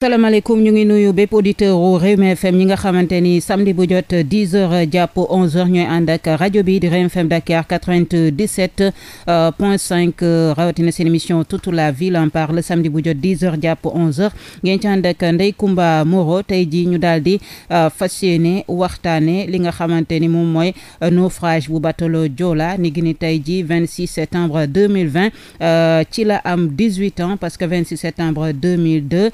salaamaaleykum ñu ngi nuyu bépp auditeur u Rewmi FM ñi nga xamante ni samedi bu jot 10 heures jàpp 11 heures ñooy ànd ak rajo bi di Rewmi FM Dakar 97 euh, point 5 euh, rawatina seen émission toute la ville en parle samedi bu jot 10 heures jàpp 11 heures ngeen ci ànd ak Ndeye Comba Moreau tey jii ñu daal di euh, fas yéene waxtaane li nga xamante ni moom mooy naufrage bu batalo Joola ni gi tey jii 26 septembre 2020 ci la am 18 ans parce que 26 septembre 2002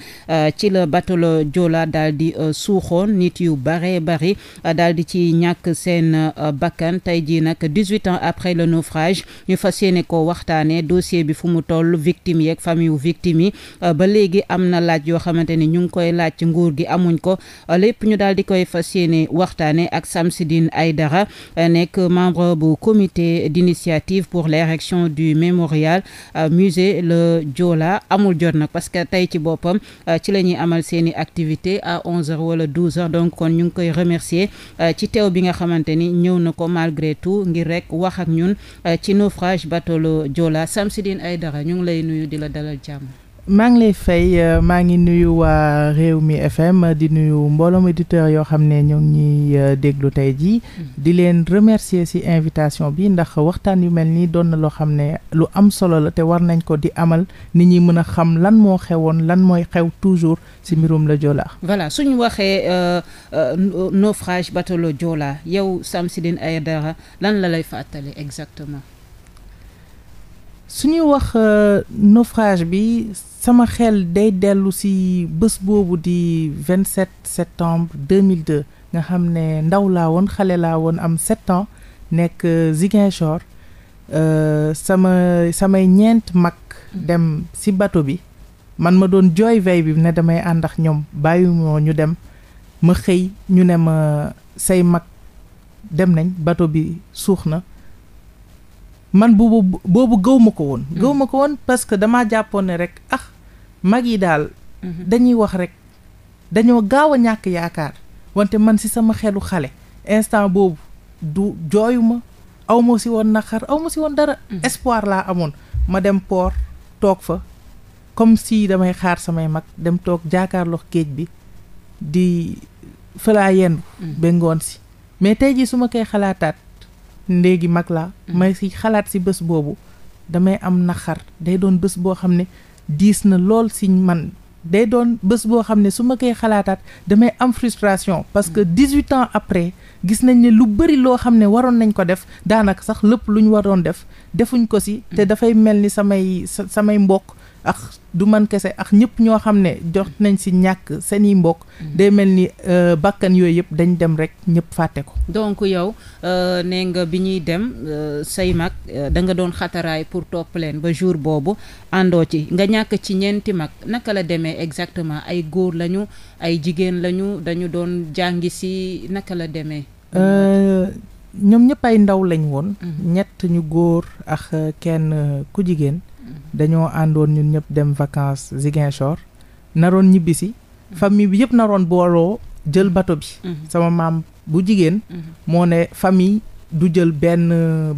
ci la bateau le Joola daal euh, suuxoon nit yu bare bari euh, daal di ci ñàkk seen euh, bakkan tey jii nag dix-huit ans après le naufrage ñu fas yéene ko waxtaanee dossier bi fu mu toll victime yeeg famille victim yi ba léegi am na laaj yoo xamante ni ñu ngi koy laaj ci nguur gi amuñ ko lépp ñu daal di koy fas yéene waxtaanee ak samsidin ay dara nekk membre bu comité d'initiative pour l'érection du mémorial musée le Joola amul jot nag parce tey ci boppam ci lañ ñuy amal seen i activité à onze wala douze heures donc kon ñu ngi koy remercier euh, ci teew bi nga xamante ni ñëw na ko malgré tout ngir rek wax ak ñun euh, ci naufrage bateau Joola Samsidine Aidara ñu ngi lay nuyu di la dalal jàmm maa ngi lay fay euh, maa ngi nuyu waa réew mi FM di nuyu mbooloom auditeurs yoo xam ne ñoo ngi ñuy euh, déglu tey jii. Mm-hmm. di leen remercier ci invitation bi ndax waxtaan yu mel nii doon na loo xam ne lu am solo la te war nañ ko di amal nit ñi mën a xam lan moo xewoon lan mooy xew toujours ci mbirum la Joola. voilà suñu waxee euh, naufrage bateau le Joola yow ay dara lan la lay fàttali exactement. suñuy wax euh, naufrage bi sama xel day dellu ci bés boobu di 27 septembre 2002 nga xam ne ndaw laa woon xale laa woon am 7 ans nekk euh, Ziguinchor euh, sama samay ñeent mag dem ci bateau bi man ma doon jooy vey bi ne damay ànd ak ñoom bàyyiwuma ñu dem ma xëy ñu ne ma say mag dem nañ bateau bi suux na man boobu boobu gëw ko woon gëw ma ko woon parce que damaa jàppoon ne rek ah mag yi daal mhm. dañuy wax rek dañoo gaaw a ñàkk yaakaar wante man si sama xelu xale instant boobu du jooyu ma aw ma woon naqar aw ma si woon dara mhm. espoir laa amoon ma dem poor toog fa comme si damay xaar samay mag dem toog jaakaarloo géej bi di falaa yendu mhm. ba ngoon si mais tey jii su ma koy xalaataat ndéegi mag laa mm-hmm. may si xalaat si bés boobu damay am naxar day doon bés boo xam ne diis na lool si man day doon bés boo xam ne su ma koy xalaataat damay am frustration parce que mm-hmm. dix-huit ans après gis nañ ne lu bëri loo xam ne waroon nañ ko def daanaka sax lépp lu ñu waroon def defuñ ko si te mm-hmm. dafay mel ni samay samay mbokk ak du man kese ak ñëpp ñoo xam ne jox nañ si ñàkk seen i mbokk. Mm. day mel ni euh, bakkan yooyu yëpp dañ dem rek ñëpp fàtte ko. donc yow euh, nee nga bi ñuy dem euh, say mag da nga doon xataraay pour topp leen ba jour boobu àndoo ci nga ñàkk ci ñeenti mag naka la demee exactement ay góor lañu ay jigéen lañu dañu doon jàngi si naka la demee. ñoom ñëpp ay ndaw lañ woon. Mm-hmm. ñett ñu góor ak kenn ku jigéen. dañoo àndoon ñun ñëpp dem vacance Ziguinchor naroon ñibbisi mm-hmm. famille bi yëpp naroon booloo jël bato bi mm-hmm. sama maam bu jigéen mm-hmm. moo ne famille du jël benn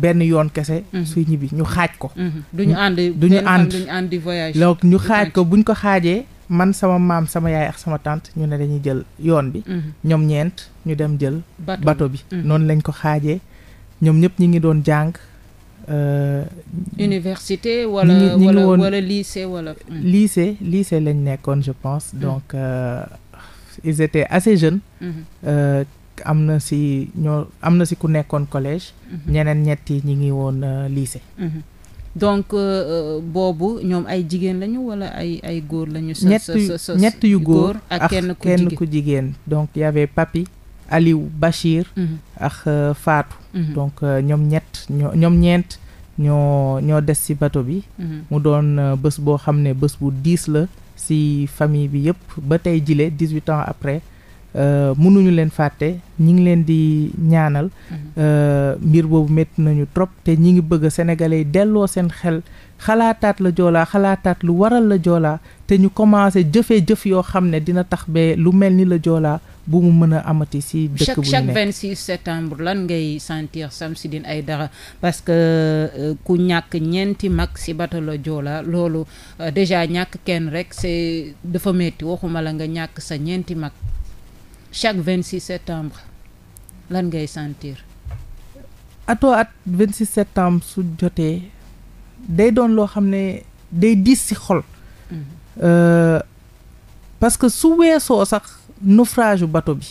benn yoon kese suy ñibbi ñu xaaj ko duñu ànd duñu ànd voyage donc ñu xaaj ko buñ ko xaajee man sama maam sama yaay ak sama tànt ñu ne dañuy jël yoon bi ñoom ñeent ñu dem jël bato bi noonu lañ ko xaajee ñoom ñëpp ñu ngi doon jàng Euh, université wala wala wala lycée wala. Hmm. lycée lycée lañ nekkoon je pense hmm. donc euh, ils étaient assez jeunes. Hmm. Euh, am na si ñoo am na si ku nekkoon collège. ñeneen ñetti ñi ngi woon lycée. donc boobu ñoom ay jigéen lañu wala ay ay góor lañu. ñett ñett yu góor ak kenn ku jigéen donc y avait Papi. Aliou Bachir mm-hmm. ak euh, faatu mm-hmm. donc euh, ñoom ñett ñoo ñeent ñoo ñoo des ci bato bi mm-hmm. mu doon euh, bés boo xam ne bés bu diis la ci famille bi yëpp ba tey jile dix-huit ans après mënuñu leen fàtte ñi ngi leen di ñaanal mbir boobu métti nañu trop te ñi ngi bëgg sénégalais yi delloo seen xel xalaataat la joolaa xalaataat lu waral la joolaa te ñu commencé jëfee jëf yoo xam ne dina tax ba lu mel ni la joolaa bu mu mën a amati si dëkk bu ñu nekk chaque vingt six septembre lan ngay sentir Samsidine Aidara parce que euh, ku ñàkk ñeenti mag si bato la loolu euh, ñàkk kenn rek c'est dafa metti waxuma la nga ñàkk sa ñeenti mag chaque vingt six septembre lan ngay sentir. atoo at vingt six septembre su jotee. day doon loo xam ne day diis ci xol euh, parce que su weesoo sax naufrage bu bato bi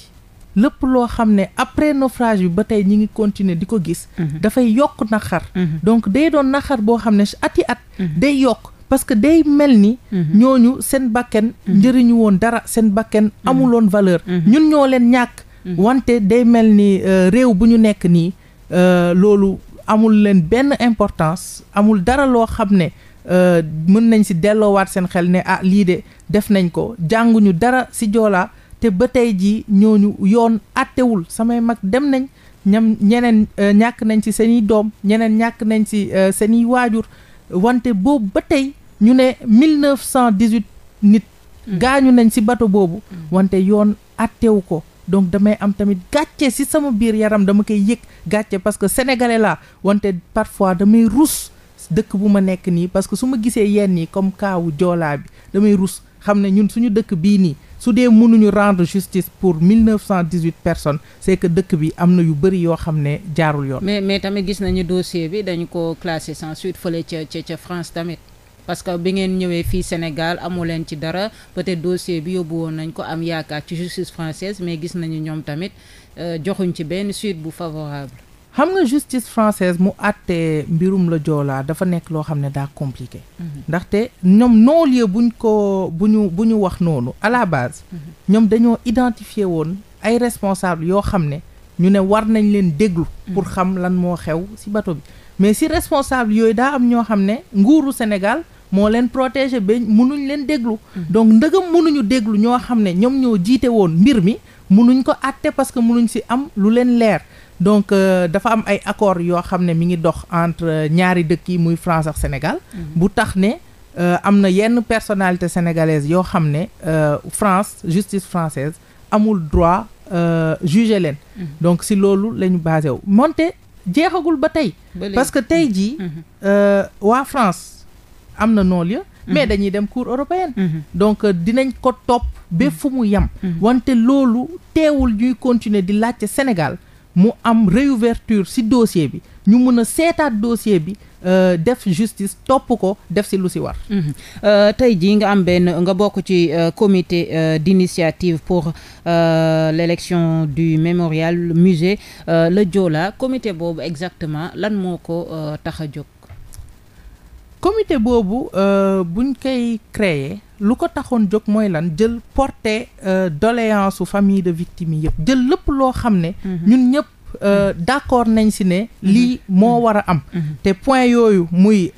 lépp loo xam ne après naufrage bi ba tey ñi ngi continuer di ko gis mhm. dafay yokk naxar mhm. donc day doon naxar boo xam ne ati at mhm. day yokk parce que day mel ni ñooñu seen bakken njëriñu woon dara seen bakken amuloon valeur ñun ñoo leen ñàkk wante day mel ni euh, réew bu ñu nekk nii euh, loolu amul leen benn importance amul dara loo xam ne euh, mën nañ si delloowaat seen xel ne ah lii de def nañ ko ñu dara si joolaa te ba tey jii ñooñu yoon àttewul samay mag dem nañ ñam ñeneen euh, ñàkk nañ ci seen i doom ñeneen ñàkk nañ ci euh, seen i waajur wante boobu ba tey ñu ne mille neuf cent dix nit mm. gaañu nañ ci bato boobu mm. wante yoon àttewu ko donc damay am tamit gàcce si sama biir yaram dama koy yëg gàcce parce que sénégalais laa wante parfois damay rus dëkk bu ma nekk nii parce que su ma gisee yenn yi comme kaawu joolaa bi damay rus xam ne ñun suñu dëkk bii nii su dee mënuñu rendre justice pour mille neuf cent dix-huit personnes c'est que dëkk bi am na yu bëri yoo xam ne jaarul yoon. mais mais tamit gis nañu dossier bi dañu ko classé sans suite fële ca ca ca France tamit. parce que bi ngeen ñëwee fii Sénégal amu leen ci dara peut-être dossier bi yóbbu woon nañ ko am yaakaar ci justice française mais gis nañu ñoom tamit euh, joxuñ ci benn suite bu favorable. xam nga justice française mu àttee mbirum la joolaa dafa nekk loo xam ne daa compliqué. Mhm. ndaxte ñoom non lieu buñ ko bu ñu bu ñu wax noonu à la mhm. ñoom dañoo identifier woon ay responsable yoo xam ne ñu ne war nañ leen déglu. Mhm. pour xam lan moo xew ci bato bi mais ci responsable yooyu daa am ñoo xam ne nguuru Sénégal. moo leen protéger be munuñ leen déglu mm-hmm. donc ndëgëm munuñu déglu ñoo xam ne ñoom ñoo jiite woon mbir mi munuñ ko àtte parce que munuñ si am lu leen leer donc euh, dafa am ay accord yoo xam ne mi ngi dox entre ñaari dëkk yi muy France Sénégal mm-hmm. bu tax ne euh, am na yenn personnalité sénégalaise yoo xam ne euh, France justice française amul droit euh, juger leen mm donc si loolu la ñu basé wu monte jeexagul ba tey parce que tey jii waa France am na non-lieu mhm. mais dañuy dem cour européenne mhm. donc euh, dinañ ko topp ba fu mu yem mhm. wante loolu teewul ñuy continuer di laajte Sénégal mu am réouverture ci dossier bi ñu mën a seetaat dosier bi Euh, def justice topp ko def si lu si war. Mm tey jii nga am benn nga bokk ci euh, comité euh, d'initiative pour l'élection du mémorial musée le Joola comité boobu exactement lan moo ko tax a jóg. commité boobu euh, buñ koy créer lu ko taxoon jóg mooy lan jël porter euh, doléance su famille de victime yi yëpp jël lépp loo xam ne mhm. ñun ñëpp euh, mhm. d'accord nañ si ne mhm. lii moo war a am te point yooyu muy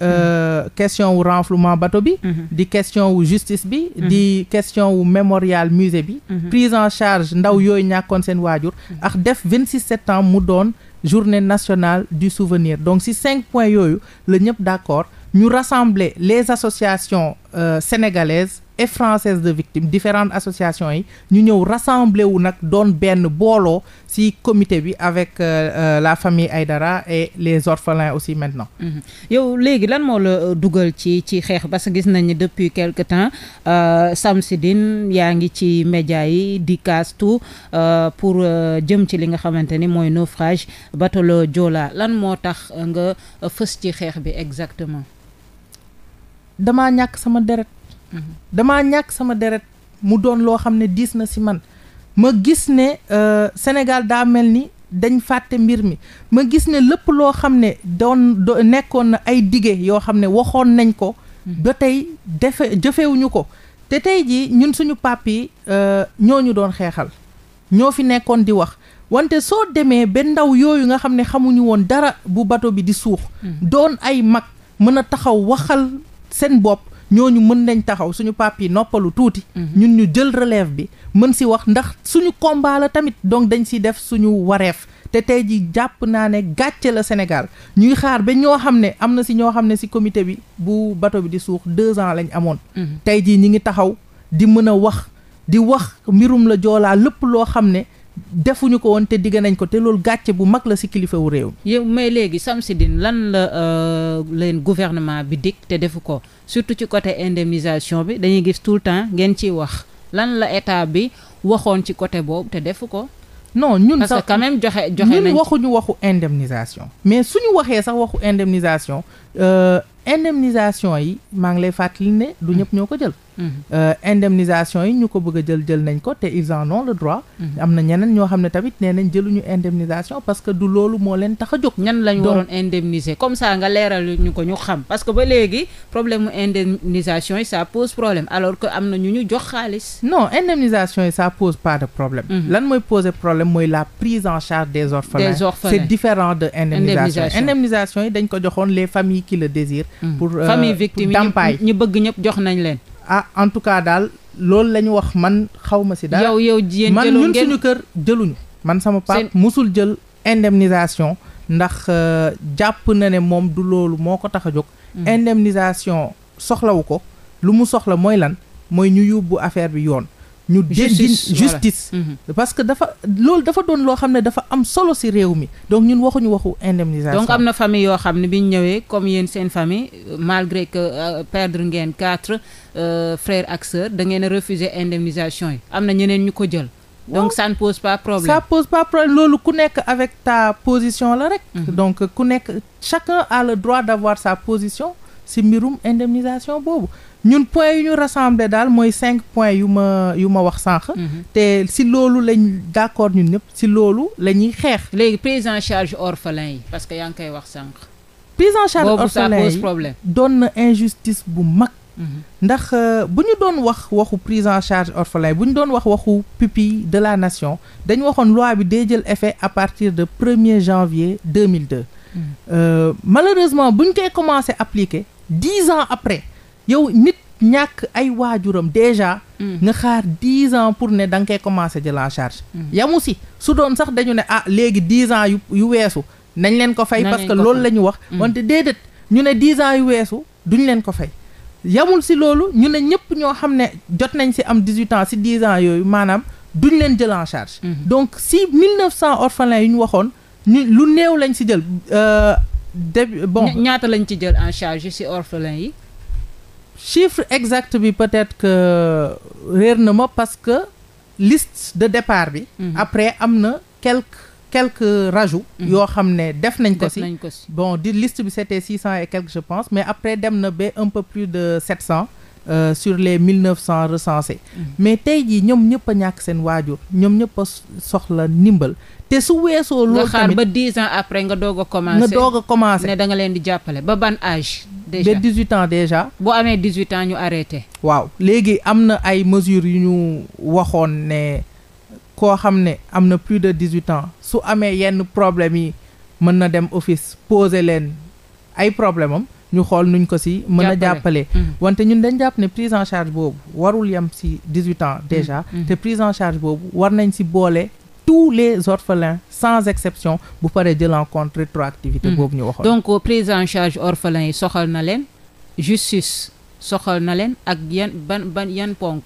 question wu renflouement bato bi di question wu justice bi di question wu mémorial musée bi prise en charge ndaw yooyu ñàkkoon seen waajur ak def vingt-six septembre mu doon journée national du souvenir donc si cinq points yooyu la ñëpp d'accord ñu rassembler les associations euh, sénégalaises et françaises de victimes différentes associations yi ñu ñëw rassembler wu nag doon benn booloo ci comité bi avec euh, euh la famille dara et les orphelins aussi maintenant. Mm-hmm. yow léegi lan moo la euh, dugal ci ci xeex parce que gis nañu depuis quelque temps euh, Samsidine yaa ngi ci média yi di kaas tout pour jëm ci li nga xamante ni mooy naufrage bateau Joola lan moo tax nga fës ci xeex bi exactement. damaa ñàkk sama deret damaa ñàkk sama deret mu doon loo xam ne diis na si man ma gis ne euh, Sénégal daa mel ni dañ fàtte mbir mi ma gis ne lépp loo xam ne doon nekkoon na ay dige yoo xam ne waxoon nañ ko mhm. ba tey defe jëfewuñu ko te tey jii ñun suñu pap yi euh, ñoo ñu doon xeexal ñoo fi nekkoon di wax wante soo demee ba ndaw yooyu nga xam ne xamuñu woon dara bu bato bi di suux mhm. doon ay mag mën a taxaw waxal seen bopp ñooñu mën nañ taxaw suñu pap yi noppalu tuuti. Mhm. ñun ñu jël relève bi mën si wax ndax suñu combat tamit donc dañ si def suñu wareef. te tey ji jàpp naa ne gàcce la Sénégal ñuy xaar ba ñoo xam ne am na si ñoo xam ne si comité bi bu bato bi di suux deux ans lañ amoon. Mhm. tey jii ñi ngi taxaw di mën a wax di wax mbirum la joolaa lépp loo xam ne. defuñu ko woon te digg nañ ko te loolu gàcce bu mag la si kilifa wu réew yow may léegi din lan la euh, leen gouvernement bi dikk te defu ko surtout ci côté indemnisation bi dañuy gis tout le temps ngeen ciy wax lan la état bi waxoon ci côté boobu te defu ko non ñun sax parce joxe joxe nañ ñun waxuñu waxu indemnisation mais suñu waxee sax waxu indemnisation euh, indemnisation yi maa ngi lay fàttali ne du ñëpp ñoo ko jël Euh, indemnisation yi ñu ko bëgg a jël jël nañ ko te ils en ont le mhm. am na ñeneen ñoo xam ne tamit nee nañ jëluñu indemnisation parce que du loolu moo leen tax a jóg. ñan lañ waroon indemniser comme ça nga leeral ñu ko ñu xam parce que ba léegi problème mu indemnisation yi ça pose problème alors que am na ñu ñu jox xaalis. non indemnisation yi ça pose pas de problème. Mhm. lan mooy poser problème mooy la prise en charge des orphelins. des orphelins c'est différent de indemnisation yi dañ ko joxoon les familles qui le désirent. Mhm. pour euh, famille victime yi ñu bëgg ñëpp jox nañ leen. ah en tout cas daal loolu la ñu wax man xaw ma si daal yow yow jigéen man ñun suñu kër jëluñu man sama pap mosul jël indemnisation ndax euh, jàpp na ne moom du loolu moo ko tax a jóg mm. indemnisation soxlawu ko lu mu soxla mooy lan mooy ñu yóbbu affaire bi yoon ñu déggin justice mm-hmm. parce que dafa loolu dafa doon loo xam ne dafa am solo si réew mi donc ñun waxuñu waxu indemnisation donc am na famille yoo xam ne bi ñu ñëwee comme yéen seen famille malgré que euh, perdre ngeen quatre euh, frères ak sœurs da ngeen a refuser indemnisation yi am na ñeneen ñu ko jël donc ça pose pas problème ça pose pas problème loolu ku nekk avec ta position la rek mm-hmm. donc ku nekk chacun a le droit d'avoir sa position si mbirum indemnisation boobu ñun point yu ñu rassemblé daal mooy cinq points yu ma yu ma wax sànq. Mm-hmm. te si loolu lañ d'accord ñun ñëpp si loolu la ñuy xeex. léegi prise en charge orphelin yi parce que yaa ngi koy wax sànq. prise en charge orphelin yi doon na injustice bu mag. Mm-hmm. ndax euh, bu ñu doon wax waxu prise en charge orphelin bu ñu doon wax waxu pupille de la nation dañu waxoon loi bi day jël effet à partir de premier janvier deux mille deux mm-hmm. euh, malheureusement bu ñu koy commencé appliquer. dix ans après yow nit ñàkk ay waajuram déjà. Mm. nga xaar dix ans pour ne da nga koy commencer jël en charge. Mm. yamu si su doon sax dañu ne ah léegi dix ans yu yu weesu. nañ leen ko fay parce que loolu la ñu wax. Mm. wante déedéet ñu ne dix ans yu weesu duñ leen ko fay. yamul si loolu ñu ne ñëpp ñoo xam ne jot nañ si am dix huit ans si dix ans yooyu maanaam duñ leen jël en charge. Mm-hmm. donc si mille neuf cent orphelins ñu waxoon lu néew lañ si jël. Euh, début bon ñaata lañ ci jël en charge ci orphelin yi. chiffre exact bi peut-être que réer na ma parce que liste de départ bi. Mhm. après am na quelques quelques rajouts. Mhm. yoo xam ne def nañ ko si bon di liste bi c'était six cent et quelques je pense mais après dem na ba un peu plus de sept cent. Euh, sur les mille neuf cent recensés mm. mais tey jii ñoom ñëpp ñàkk seen waajur ñoom ñëpp a soxla ndimbal te su weesoo loolu tamit nga xaar ba dix ans après nga doog a commencé a commencé ne da leen di jàppale ba ban âge déjà ba dix huit ans déjà boo amee dix huit ans ñu arrêté waaw léegi am na ay mesures yu ñu waxoon ne koo xam ne am na plus de dix huit ans su amee yenn problème yi mën na dem office poser leen ay problème am ñu xool nuñ ko si mën a jàppale mm-hmm. wante ñun dañ jàpp ne prise en charge boobu warul yem si 18 ans déjà mm-hmm. te prise en charge boobu war nañ si boole tous les orphelins sans exception bu paree jël en compte rétroactivité mm-hmm. boobu ñu waxoon donc euh, prise en charge orphelins yi soxal na leen justice soxal na leen ak yan ban ban yan ponk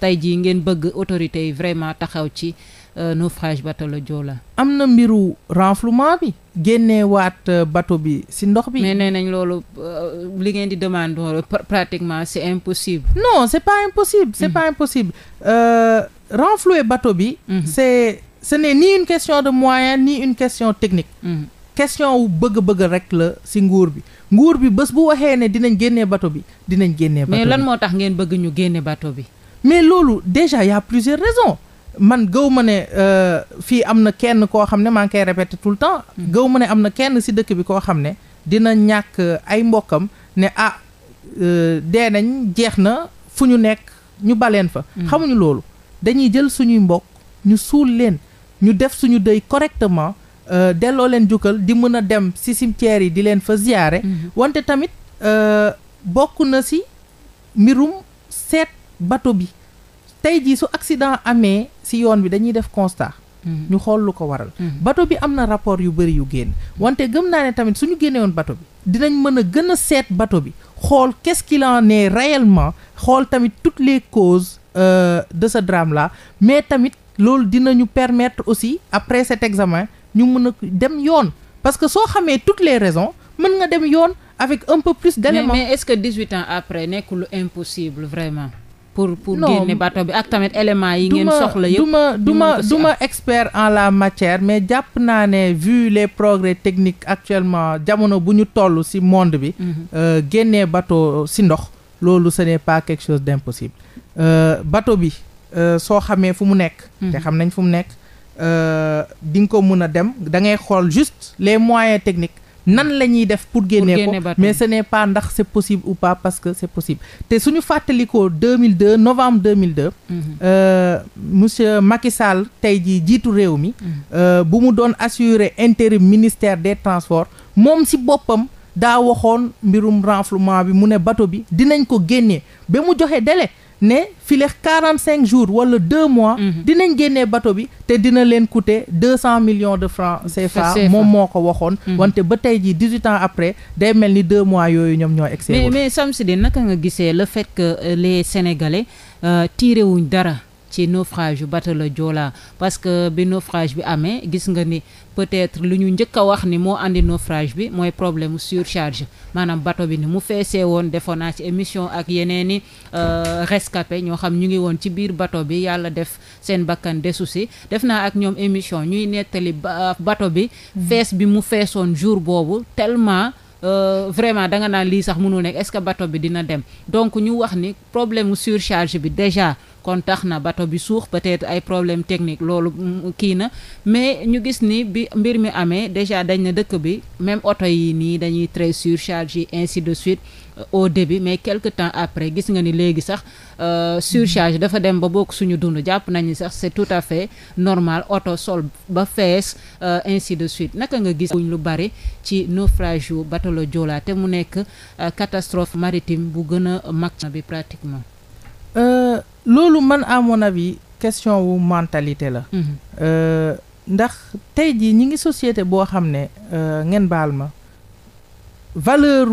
tey jii ngeen bëgg autorités yi vraiment taxaw ci Euh, naufrage bateau le Joola am na mbiru renflouement bi génneewaat euh, bateau bi si ndox bi mais nee nañ loolu euh, li ngeen di demande pratiquement c'est impossible non c'est pas impossible c'est mm-hmm. pas impossible renflouer bato bi mm-hmm. c'est ce n'est ni une question de moyen ni une question technique mm-hmm. question wu bëgg-bëgg rek la si nguur bi nguur bi bés bu waxee ne dinañ génnee bato bi dinañ génnee mais lan moo tax ngeen bëgg ñu génne bato bi mais loolu déjà y a plusieurs raisons man gëw ma ne euh, fii am na kenn koo xam ne maa ngi koy répété tout le mm-hmm. gëw ma ne am na kenn si dëkk bi koo xam ne dina ñàkk ay mbokkam ne ah euh, dee nañ jeex na fu ñu nekk ñu baleen fa mm-hmm. xamuñu loolu dañuy jël suñuy mbokk ñu suul leen ñu def suñu dëy correctement euh, delloo leen jukkal di mën a dem si cimetière yi di leen fa ziyaare mm-hmm. wante tamit bokk na si mbirum seet bato bi tey jii su accident amee si yoon bi dañuy def constat. Mm. ñu xool lu ko waral. Mm. bato bi am na rapport yu bëri yu génn. wante gëm naa ne tamit suñu génnewoon bato bi. dinañ mën a gën a seet bato bi xool qu'est-ce qu'il en xool tamit toutes les causes euh, de ce drame là mais tamit loolu dinañu permettre aussi après cet examen ñu mën a dem yoon parce que soo xamee toutes les raisons mën nga dem yoon avec un peu plus d'éléments mais, mais est-ce que 18 ans après nekkul impossible vraiment. pour pour génne bateau bi ak tamit éléments yi ngeen soxla yëpp duma duma duma expert en la matière mais jàpp naa ne vu les progrès techniques actuellement jamono bu ñu toll ci monde bi mhm. euh, génnee bateau ci ndox loolu ce n'est pas quelque chose d'impossible euh, bateau bi euh, soo xamee fu mu nekk mhm. te xam nañ fu mu nekk di nga ko mun a dem da ngay xool juste les moyens techniques nan la ñuy def pour génnee ko mais ce n'est pas ndax c'est possible ou pas parce que c'est possible te suñu fàttalikoo 2002 novembre 2002 mhm. euh, monsieur Macky tey jii jiitu réew mi mhm. euh, bu mu doon assurer intérim ministère des transports moom si boppam daa waxoon mbirum renflouement bi mu ne bateau bi dinañ ko génnee ba mu joxe délai ne fileex cinq jours wala 2 mois. Mhm. dinañ génnee bato bi te dina leen deux cent millions de francs CFA. moom moo ko waxoon. Mhm. wante ba tey jii 18 ans après day mel ni deux mois yooyu ñoom ñoo. excedé mais mais de naka nga gisee la fekk que euh, les Sénégalais euh, tiré dara. ci naufrage bateau la Joola parce que bi naufrage bi amee gis nga ni peut-être lu ñu njëkk a wax ni moo andi naufrage bi mooy problème surcharge maanaam bato bi ni mu feesee woon defoon naa ci émission ak yeneen i euh, rescapé ñoo xam ñu ngi woon ci biir bateau bi yàlla def seen bakkan desu si def naa ak ñoom émission ñuy nettali bateau bi mm. fees bi mu feesoon jour boobu tellement Euh, vraiment danga naan lii sax mënul nekk est-ce que bateau bi dina dem donc ñu wax ni problème mu surcharge bi déjà kon tax na bateau bi suux peut-être ay problème technique loolu kii na mais ñu gis ni bi mbir mi amee déjà dañ na dëkk bi même oto yi nii dañuy très surcharge yi ainsi de suite au début mais quelque temps après gis nga ni léegi sax euh, surcharge dafa dem ba bokk suñu dund jàpp nañu sax c'est tout à fait normal oto sol ba fees euh, ainsi de suite naka nga gis wuñ lu bari ci naufrage yu batalo Joola te mu nekk euh, catastrophe maritime bu gën a mag bi pratiquement loolu man à mon avis question wu mentalité la mhm. ndax tey jii ñi ngi société boo xam ne ngeen baal ma valeur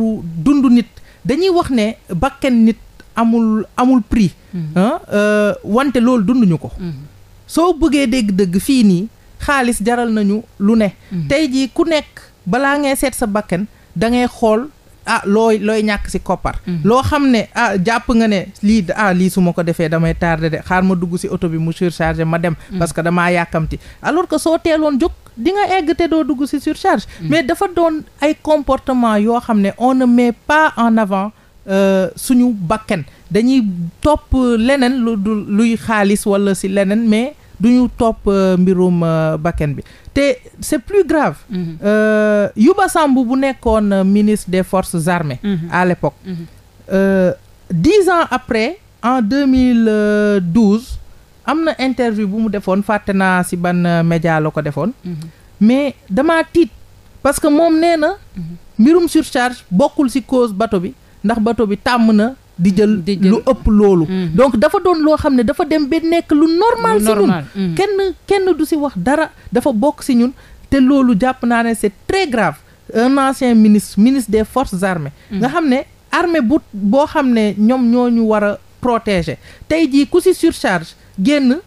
dundu nit dañuy wax ne bakken nit amul amul prix. Mm-hmm. Ah, euh, wante loolu dunduñu ko. Mm-hmm. soo bëggee dégg-dëgg fii nii xaalis jaral nañu lu ne. Mm-hmm. tey jii ku nekk balaa ngay seet sa bakken da ngay xool. ah looy looy ñàkk ci koppar loo xam ne ah jàpp nga ne lii ah lii su ma ko defee damay tardé de xaar ma dugg ci oto bi mu surchargé ma dem mm -hmm. que damaa yàkkamti alors que soo teeloon jóg di nga egg te doo dugg si surcharge. Mm. mais dafa doon ay comportement yoo xam ne on na mais pas en avant euh, suñu bakken dañuy topp leneen lu luy xaalis walla si leneen mais duñu topp euh, mbirum euh, bakken bi te c'est plus grave. Mm-hmm. Euh, Yuba Sambou bu nekkoon ministre des forces armées. Mm-hmm. à l'époque. Mm-hmm. dix ans après en 2012 am na interview bu mu defoon fàtte naa si ban euh, média la ko defoon. Mhm. mais damaa tiit parce que moom nee na. Mhm. mbirum surcharge bokkul si cause bato bi ndax bato bi tàmm na. di jël lu ëpp loolu. Mhm. donc dafa doon loo xam ne dafa dem ba nekk lu normal. si ñun kenn du si wax dara. dafa bokk si ñun te loolu jàpp naa ne c'est très grave un ancien ministre ministre des forces armées. nga xam ne armée bu boo xam ne ñoom ñoo ñu war a protéger tey jii ku si surcharge. génn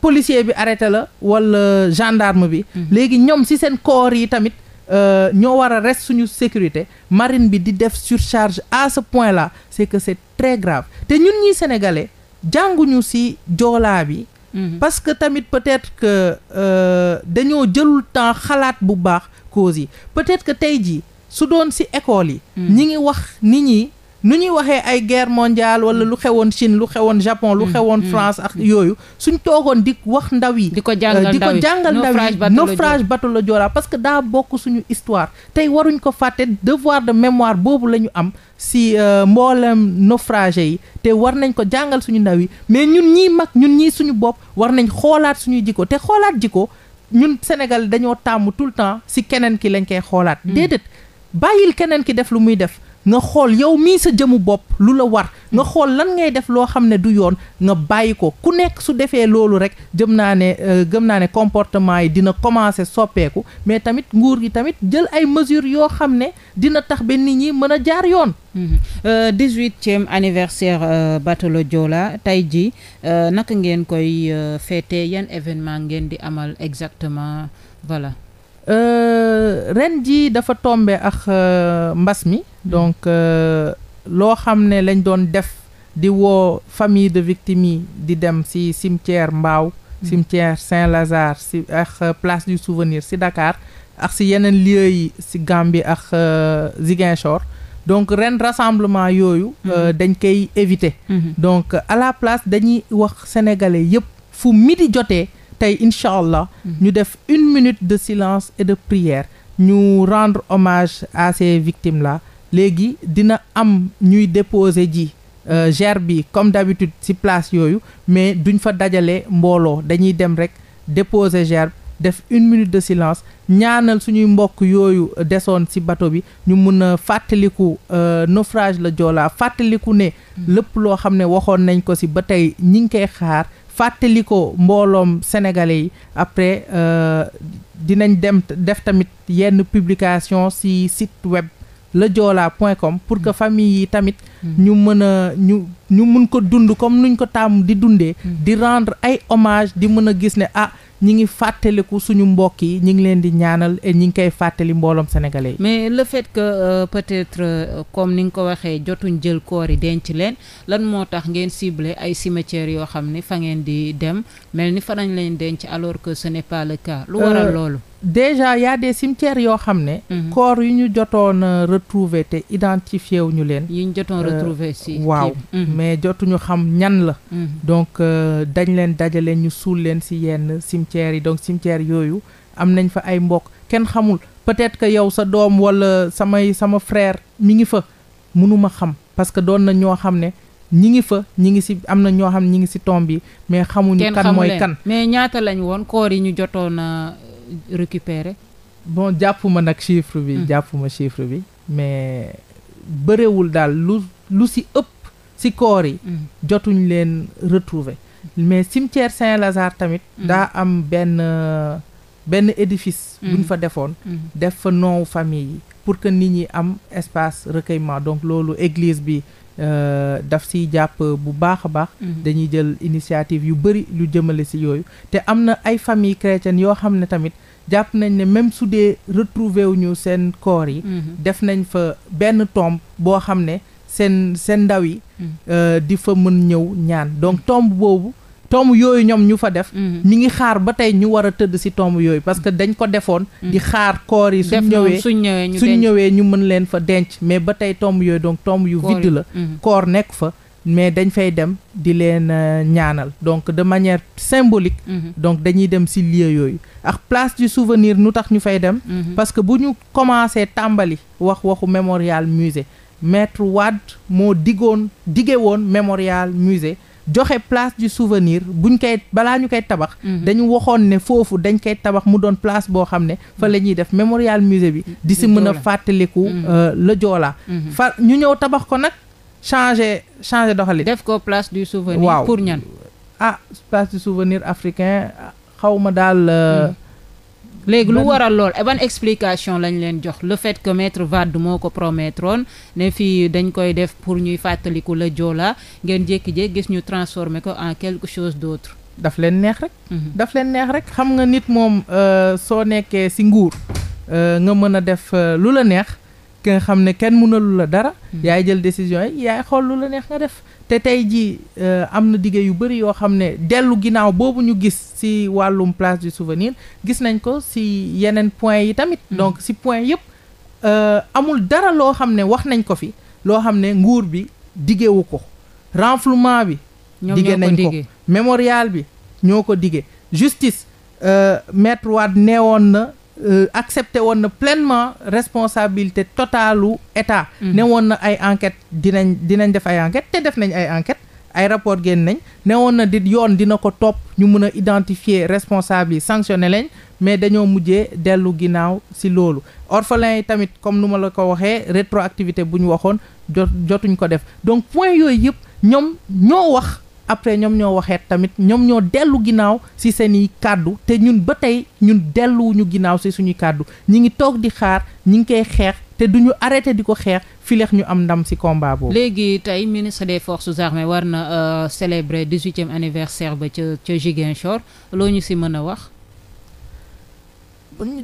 policier bi arrêté la walla gendarme bi. Mhm. léegi ñoom ci seen coor yi tamit euh, ñoo war a reste suñu sécurité marine bi di def surcharge à ce point la c'est que c'est très grave te ñun ñi sénégalais jànguñu ci joolaa bi. Mhm. parce que tamit peut-être que euh, dañoo jëlul temps xalaat bu baax cause yi peut-être que tey jii su doon ci école yi. Mhm. ñi ngi wax nit ñi. nu ñuy waxee ay guerre mondiale wala lu xewoon Chine lu xewoon Japon lu mm, xewoon mm. France ak yooyu suñ toogoon di wax ndaw yi di ko jàngal eh, ndaw yi naufrage bateau le Joola parce que daa bokk suñu histoire tey waruñ ko fàtte devoir de mémoire boobu la ñu am si euh, mboolem naufragé yi te war nañ ko jàngal suñu ndaw yi mais ñun ñii mag ñun ñii suñu bopp war nañ xoolaat suñuy jikko te xoolaat jikko ñun Sénégal dañoo tàmm tout le temps si keneen ki lañ koy xoolaat mm. déedéet bàyyil keneen ki def lu muy def nga xool yow mii sa jëmu bopp lu la war nga xool lan ngay def loo xam ne du yoon nga bàyyi ko ku nekk su defee loolu rek jëm naa ne euh, gëm naa ne comportement yi dina commencer soppeeku mais tamit nguur gi tamit jël ay mesures yoo xam ne dina tax benn nit ñi mën a jaar yoon. Mm-hmm. Euh, dix-huitième anniversaire euh, Batolo Joola tey jii naka ngeen koy fêter yan événement ngeen di amal exactement voilà. Euh, ren ji dafa tombe ak euh, mbas mi donc euh, loo xam ne lañ doon def di woo famille de victimes yi di dem ci cimetière Mbao cimetière Saint-Lazare ci ak place du souvenir ci Dakar ak ci yeneen lieux yi ci Gambie ak Ziguinchor donc ren rassemblement yooyu mm-hmm. dañ koy éviter mm-hmm. donc à la place dañuy wax sénégalais yépp fu midi jotee tey incha allah mhm. ñu def une minute de silence et de prière ñu rendre hommage à ces victimes là léegi dina am ñuy déposé ji euh, gerbe bi comme d'habitude ci place yooyu mais duñ fa dajale mbooloo dañuy dem rek déposé gerbe def une minute de silence ñaanal suñuy mbokk yooyu desoon ci bato bi ñu mun a fàttaliku euh, naufrage la Joola fàttaliku ne mm. lépp loo xam ne waxoon nañ ko ci ba tey ñi ngi koy xaar fàttali ko mbooloom sénégalais yi après euh, dinañ dem def tamit yenn publication ci site web lejoola.com pour que mm. famille yi tamit mm. ñu mën a ñu ñu mun ko dund comme nuñ ko tàmm di dundee mm. di rendre ay hommage di mën a gis ne ah ñi ngi fàttaliku suñu mbokk yi ñi ngi leen di ñaanal ñi ngi koy fàttali mbooloom sénégalais mais le fait que euh, peut-être euh, comme ni nga ko waxee jotuñ jël koor yi denc leen lan moo tax ngeen ciblé ay cimetières yoo xam ni fa ngeen di dem mel ni fa nañ leen denc alors que ce n'est pas le cas. lu waral euh, loolu. déjà y a des cimetières yoo xam ne. Mm yu ñu jotoon euh, te identifié wu ñu leen. yi ñu jotoon euh, retrouver si. waaw mhm. mais jotuñu xam ñan la. Mhm. dañ leen dajale ñu leen si yenn cimetières. cimetière yi donc cimetière yooyu am nañ fa ay mbokk kenn xamul peut-être que yow sa doom wala samay sama frère mi ngi fa mënuma xam parce que doon na ñoo xam ne ñi ngi fa ñi ngi si am na ñoo xam ne ñi ngi si tomb yi mais xamuñu kan mooy kan mais ñaata lañ woon koor yi ñu jotoon a récupérer bon jàppuma nag chiffre bi hmm. jàppuma chiffre bi mais bërewul daal lu lu si ëpp si koor yi hmm. jotuñ leen retrouver mais cimetière Saint-Lazare tamit. Mm-hmm. daa am benn benn édifice. Mm-hmm. buñ fa defoon. Mm-hmm. def fa noowu famille yi pour que nit ñi am espace recueillement donc loolu église bi. Euh, daf siy jàpp bu baax a baax. dañuy jël initiative yu bëri lu jëmale si yooyu te am na ay famille chrétienne yoo xam ne tamit jàpp nañ ne même su dee retrouvé wu ñu seen corps yi. def nañ fa benn tombe boo xam ne. seen seen ndaw yi. Mm. Euh, di fa mën ñëw ñaan donc tomb boobu tomb yooyu ñoom ñu fa def. ñi mm-hmm. ngi xaar ba tey ñu war a tëdd ci tomb yooyu parce que dañ ko defoon. Mm. di xaar koor yi suñ ñëwee suñ ñëwee ñu mën leen fa denc mais ba tey tomb yooyu donc tomb yu vide la. Mm-hmm. koor nekk fa. mais dañ fay dem di leen euh, ñaanal donc de manière symbolique mm-hmm. donc dañuy dem ci lieu yooyu ak place du souvenir nu tax ñu fay dem parce que bu ñu commencé tàmbali wax waxu mémorial musée maître Wade moo diggoon diggee woon mémorial musée joxe place du souvenir buñ koy balaa ñu koy tabax. Mhm. dañu waxoon ne foofu dañ koy tabax mu doon place boo xam ne fa mhm. la ñuy def mémorial musée bi. di si mën a fàttaliku. Mm -hmm. euh, la Joola. Mhm. fa ñu ñëw tabax ko nag changer changer doxalin. def ko place du souvenir. waaw pour ñan. ah place du souvenir africain xaw ma daal. Euh, léegi lu waral lool eh, ban explication lañ leen jox le fait que maître Wade moo ko promettroon ne fii dañ koy def pour ñuy fàttaliku la Joola ngeen jékki-jékki gis ñu transformer ko en quelque chose d'autre daf leen neex rek mhm. daf leen neex rek xam nga nit moom euh, soo nekkee ci nguur euh, nga mën a def euh, lu la neex ki xam ne kenn mënalu la dara mhm. yaay jël décision yi yaay xool lu la neex nga def te tey jii euh, am na dige yu bëri yoo xam ne dellu ginnaaw boobu ñu gis si wàllum place du souvenir gis nañ ko si yeneen point yi tamit mm. donc si point yëpp euh, amul dara loo xam ne wax nañ ko fi loo xam ne nguur bi digewu ko renflouement bi dige nañ ko mémorial bi ñoo ko dige justice euh, maître Wade neewoon na Euh, accepté woon na pleinement responsabilité totalu état. Mhm. ne woon na ay enquête dinañ dinañ def ay enquête te def nañ ay enquête ay rapport génn nañ ne woon na di yoon dina ko topp ñu mën a identifier responsable yi sanctionné mais dañoo mujjee dellu ginnaaw si loolu orphelin yi tamit comme nu ma la ko waxee rétroactivité bu ñu waxoon jot jotuñ ko def donc point yooyu yëpp ñoom ñoo wax après ñoom ñoo waxeet tamit ñoom ñoo dellu ginnaaw ci seeni kàddu te ñun ba tey ñun delluwuñu ginnaaw ci suñuy kàddu ñi ngi toog di xaar ñi ngi koy xeex te duñu arrêté di ko xeex fileex ñu am ndam ci combat boobu. léegi tey ministre des forces armées war na euh, célébrer dix-huitième anniversaire ba ca ca Ziguinchor loo ñu si mën a wax.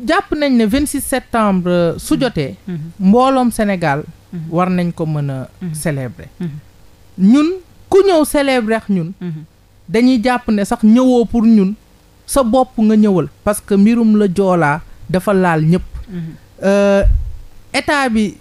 jàpp nañ ne 26 septembre euh, su jotee. Mhm. mbooloom Sénégal. Mhm. war nañ ko mën a mhm. célébrer. ñun. ku ñëw célébrer ñun mhm. dañuy jàpp ne sax ñëwoo pour ñun sa bopp nga ñëwal parce que mbirum la joolaa dafa laal ñëpp mhm. euh, état bi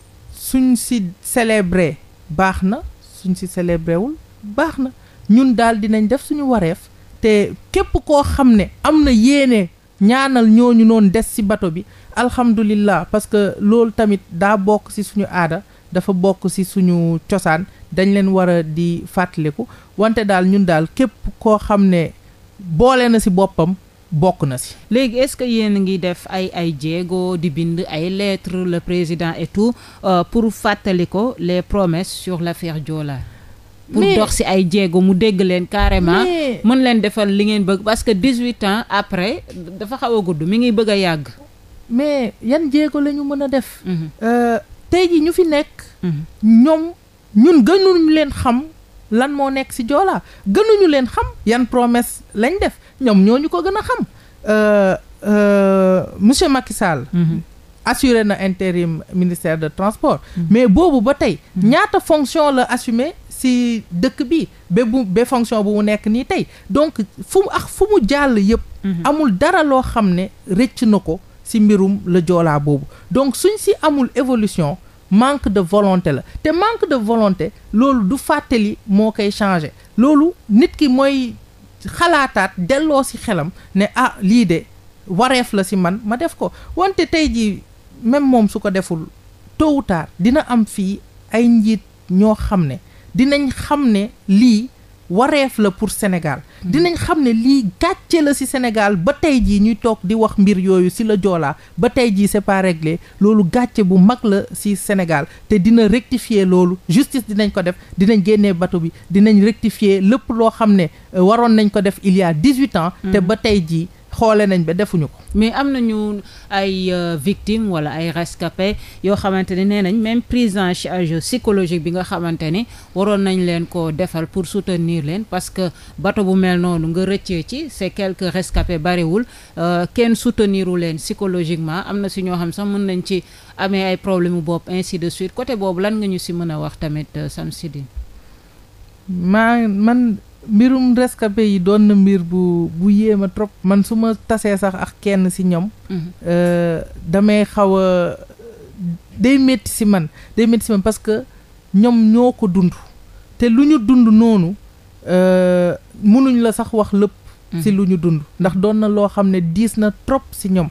suñ si célébrer baax na suñ si célébrer wul baax na ñun daal nañ def suñu wareef te képp koo xam ne am na yéene ñaanal ñu noon des ci bato bi alhamdulillah parce que loolu tamit daa bokk ci suñu aada dafa bokk ci suñu cosaan dañ leen war a di fàttaliku wante daal ñun daal képp koo xam ne boole na si boppam bokk na si. léegi est-ce que yéen ngi def ay ay jéego di bind ay lettres la président et tout euh, pour fàttali ko les promesses la l'affaire Joola pour dox si ay jéego mu dégg leen carrément. mën leen defal li ngeen bëgg parce que 18 ans après dafa xaw a gudd mi ngi bëgg a yàgg. mais yan jéego la ñu mën a def. Mhm. Euh, tey ji ñu fi nekk. Mhm. ñoom. ñun gënuñu leen xam lan moo nekk ci joolaa gënuñu leen xam yan promesse lañ def ñoom ñoo ñu ko gën a xam euh, euh, monsieur Macky Sall. Mhm. assuré na intérim ministère de transport. Mhm. mais boobu ba tey. Mhm. ñaata fonction la assumé ci dëkk bi ba bu bu mu nekk nii tey donc fu mu ak fu mu jàll yëpp. amul dara loo xam ne rëcc na ko ci mbirum la joolaa boobu donc suñ si amul évolution. manque de volonté la te manque de volonté loolu du fàttali moo koy changé loolu nit ki mooy xalaataat delloo ci xelam ne ah lii de wareef la ci man ma def ko wante tey jii même moom su ko deful tôt ou tard dina am fii ay njiit ñoo xam ne dinañ xam ne lii wareef la pour Sénégal dinañ xam ne lii gàcce la ci Sénégal ba tey jii ñuy toog di wax mbir yooyu ci la joolaa ba tey jii c'est réglé loolu gàcce bu mag la ci Sénégal te dina rectifier loolu justice dinañ ko def dinañ génnee batu bi dinañ rectifier lépp loo xam ne euh, waroon nañ ko def il y a dix ans mm. te ba tey jii xoole nañ ba defuñu ko. mais am nañu ay euh, victimes wala ay rescapés yoo xamante ne nee nañ même prise en charge psychologique bi nga xamante ni waroon nañ leen ko defal pour soutenir leen parce que bato bu mel noonu nga rëccee ci c'est quelques rescapés bariwul euh, kenn souteniru leen psychologiquement am na si ñoo xam sax mën nañ ci amee ay problème mu bopp ainsi de suite côté boobu lan nga ñu si mën a wax tamit euh, Samsidine. maa man. mbirum rescapé yi doon na mbir bu bu yéem a trop man su ma tasee sax ak kenn si ñoom mhm. euh, damay xaw a day métti si man day métti si man parce que ñoom ñoo ko dund te lu ñu dund noonu euh, mënuñ la sax wax lépp si mhm. lu ñu dund ndax doon na loo xam ne diis na trop si ñoom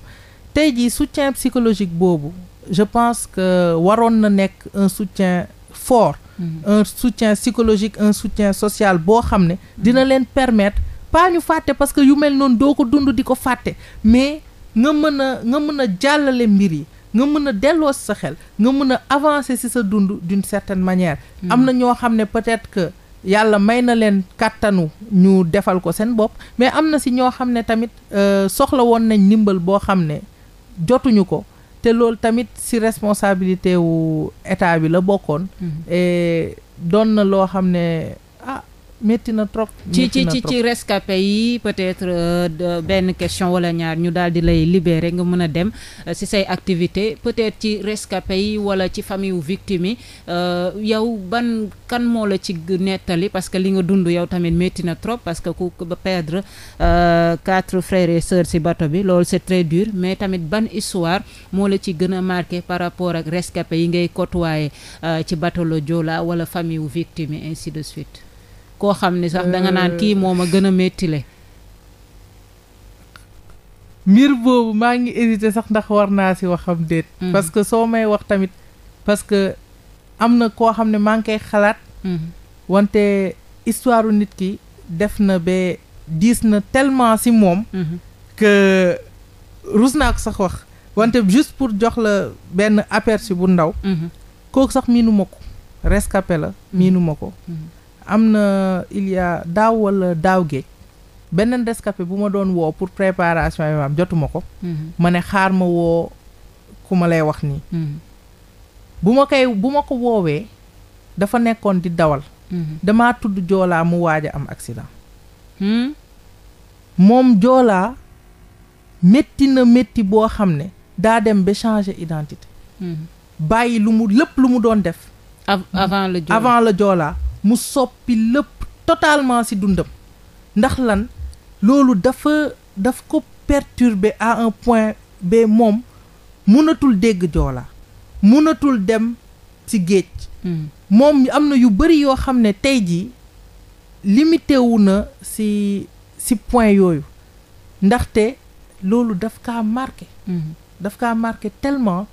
tey jii soutien psychologique boobu je pense que waroon na nekk un soutien fort un soutien psychologique un soutien social boo xam ne dina leen permettre pas ñu fàtte parce que yu mel noonu doo ko dund di ko fàtte mais nga mën a nga mën a jàllale mbir yi nga mën a delloo si sa xel nga mën a avancer si sa dund d'une certaine manière hmm. am na ñoo xam ne peut-être que yàlla may na leen kàttanu ñu defal ko seen bopp mais am na si ñoo xam ne tamit euh, soxla woon nañ ndimbal boo xam ne jotuñu ko te loolu tamit ci responsabilité wu état bi la bokkoon. Mm-hmm. et na loo xam ne métti na trop. ci ci ci ci rescapé yi peut-être euh, benn question wala ñaar ñu daal di lay libéré nga mën a dem euh, si say activité peut-être ci rescapé yi wala ci famille wu victime yi euh, yow ban kan moo la ci nettali parce que li nga dund yow tamit métti na trop parce que ku ba perdre quatre frères et sœurs si bato bi loolu c'est très dur mais tamit ban histoire moo la ci gën a marqué par rapport ak rescapé yi ngay côtoyer ci batolo Joola wala famille wu victime yi ainsi de suite. koo xam ni sax danga naan kii moom a gën a méttile mbir boobu maa ngi hésité sax ndax war naa si wax xam déet mm-hmm. parce que soo may wax tamit parce que am na koo xam ne maa ngi koy xalaat mm-hmm. wante histoire nit ki def na ba diis na tellement si moom mm-hmm. que rus naa ko sax wax wante juste pour jox la benn aperçu bu ndaw kooku sax miinu ko rescapé la miinu ko am na il daaw wala daaw géej beneen rescapé bu ma doon woow pour préparation yi jotuma ko. Mhm. ma ne xaar ma woo ku ma lay wax nii. Mhm. bu ma koy bu ma ko woowee dafa nekkoon di dawal. Mhm. damaa tudd joolaa mu waaj am accident. Hmm? moom joolaa métti na métti boo xam ne daa dem ba changer identité. bàyyi lu mu lépp lu mu doon def. avant le joolaa mu soppi lépp totalement ci dundam ndax lan loolu dafa daf ko perturber à un point ba moom mënatul dégg joolaa mënatul dem ci géej hmm. moom am na yu bëri yoo xam ne tey jii limité wu na ci ci point yooyu ndaxte loolu daf kaa marqué hmm. daf kaa marqué tellement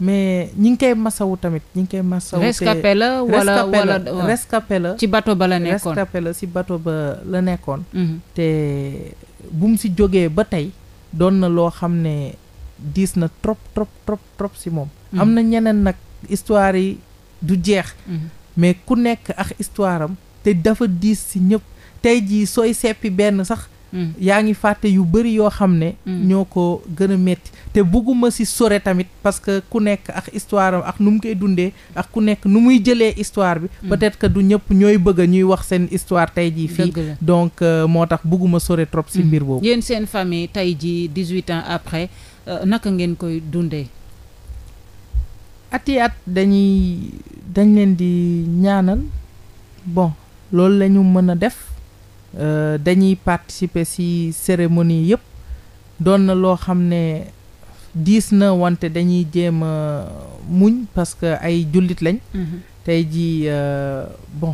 mais ñi ngi koy masawu tamit ñi ngi koy masawu rescapé la wala wala rescapé la ci bato ba la nekkoon rescapé si bato ba la nekkoon mhm. te bum mu si jógee ba tey doon na loo xam ne diis na trop trop trop trop si moom mhm. am na ñeneen nag histoire yi du jeex mhm. mais ku nekk ak histoire am te dafa diis si ñëpp tey jii sooy seppi benn sax Mm. yaa ngi fàtte yu bëri yoo xam ne mm. ñoo ko gën a metti te bugguma si sore tamit parce que ku nekk ak histoire am ak nu mu koy dundee ak ku nekk nu muy jëlee histoire bi mm. peut-être que du ñëpp ñooy bëgg a ñuy wax seen histoire tey jii fii donc euh, moo tax bugguma sore trop si mbir boobu yéen seen famille tey jii dix-huit ans après euh, naka ngeen koy dundee ati at dañuy dañ leen di ñaanal bon loolu lañu mën a def Euh, dañuy participer ci cérémonie yëpp doon na loo xam ne diis na wante dañuy jéem a muñ parce que ay jullit lañ. Mhm. tey jii euh, bon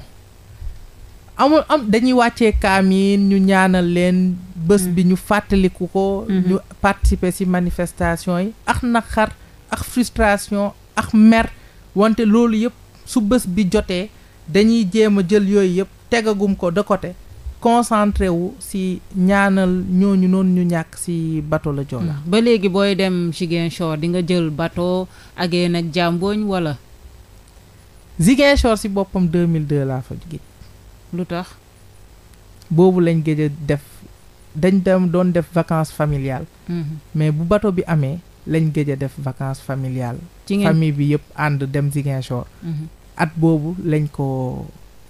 amul am dañuy wàccee kaamil ñu ñaanal leen. bés bi ñu fàttaliku ko. Mhm. ñu participer si manifestation yi. ak naqar ak frustration ak mer wante loolu yëpp su bés bi jotee dañuy jéem a jël yooyu yëpp tegagum ko de côté. concentré wu si ñaanal ñooñu noonu ñu ñàkk si bateau la Joola mm. ba léegi booy dem Ziguinchor di nga jël bateau agee nag jàmbooñ wala Ziguinchor si boppam 2002 laa fa géej lu tax boobu lañ géej a def dañ dem doon def vacance familiales mm-hmm. mais bu bateau bi amee lañ géej a def vacances familiales famille bi yëpp ànd dem Ziguinchor mm at boobu lañ ko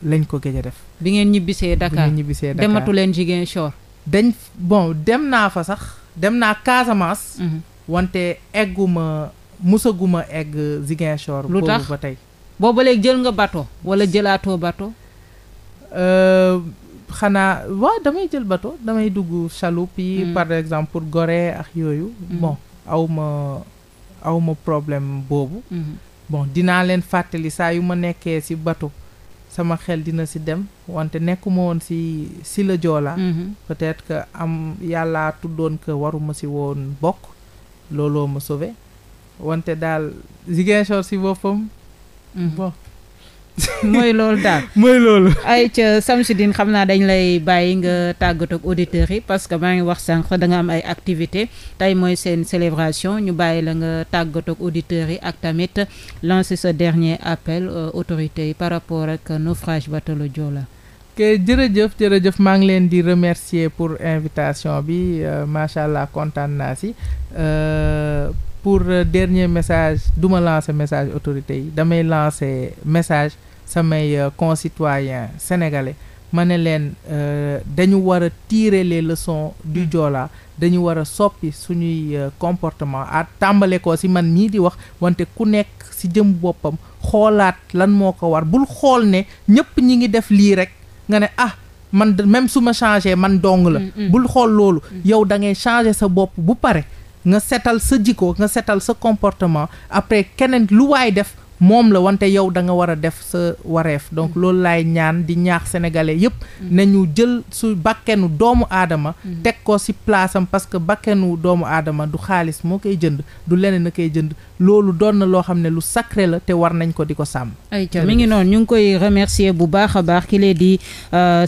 lañ ko gëj a def. bi ngeen ñibbisee Dakar bi ngeen dematu leen Ziguinchor. dañ bon dem naa fa sax dem naa Casamance. Mhm. wante egguma musaguma egg Ziguinchor. lu tax ba tey. booba léegi jël nga bato wala jëlaatoo bato. Euh, xanaa euh, waaw damay jël bato damay dugg chaloupe yi. Mm. par exemple pour gore ak yooyu. Mm. bon aw ma problème boobu. Mhm. bon dinaa leen fàttali saa yu ma nekkee ci bato. sama xel dina si dem wante nekkuma woon si si la joolaa mm mm-hmm. peut-être que am yàllaa tuddoon que waruma si woon bokk looloo ma sauvé wante daal Ziguinchor si boppam mm-hmm. bon mooy loolu daal mooy loolu. ay ayca Samsidine xam naa dañ lay bàyyi nga tàggatoo ak auditeurs yi parce que maa ngi wax sànq da nga am ay activités tey mooy seen célébration ñu bàyyi la nga tàggatoo ak yi ak tamit lancer sa dernier appel euh, autorités yi par rapport ak naufrage bateau le Joola. ok jërëjëf jërëjëf maa ngi leen di remercier pour invitation bi euh, macha allah kontaan naa si. Euh, pour euh, dernier message duma lancer message autorité yi damay lancer message samay euh, concitoyens sénégalais ma ne leen euh, dañu war a tirer les leçons du mm. Joola dañu war a soppi suñuy comportement à tàmbale ko ci man mii di wax wante ku nekk ci jëm boppam xoolaat lan moo ko war bul xool ne ñépp ñi ngi def lii rek nga ne ah man même su ma changé man dong la mm, mm. bul xool loolu yow da ngay changé sa bopp bu pare nga seetal sa jikko nga seetal sa comportement après keneen lu waay def moom la wante yow da nga war a def sa wareef donc mm-hmm. loolu laay ñaan di ñaax sénégalais yëpp mm-hmm. nañu jël su bakkenu doomu aadama mm-hmm. teg ko si plaasam parce que bakkenu doomu aadama du xaalis moo koy jënd du leneen a koy jënd loolu doon na loo xam ne lu sacré la te war nañ ko di ko sàmm ayca mi ngi noonu ñu ngi koy remercier bu baax a baax ki lee di euh,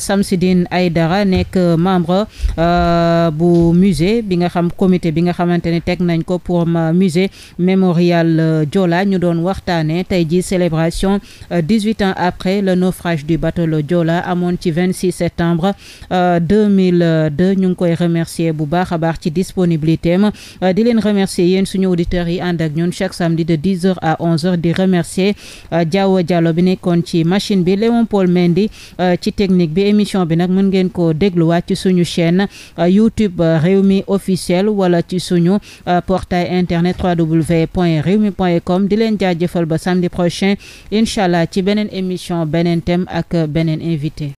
ay dara nekk euh, membre euh, bu musée bi nga xam comité bi nga xamante ne teg nañ ko pour musée mémorial Joola ñu doon waxtaane ne tey ji célébration euh, dix-huit ans après le naufrage du bateau le amoon ci septembre euh, mille deux ñu ngi koy remercier bu baax a baax ci disponibilité ma euh, di leen remercier yéen suñu auditeur yi ànd ak ñun chaque samedi de dix heures à onze heures di remercier Diawo Diallo bi nekkoon ci machine bi Léon Paul Mendy ci technique bi émission bi nag mën ngeen koo dégluwaat ci suñu chaîne YouTube Rewmi officiel wala ci suñu portail internet www.rewmi.com di leen jaajëfal ba samedi prochain incha allah ci beneen émission beneen thème ak beneen invité.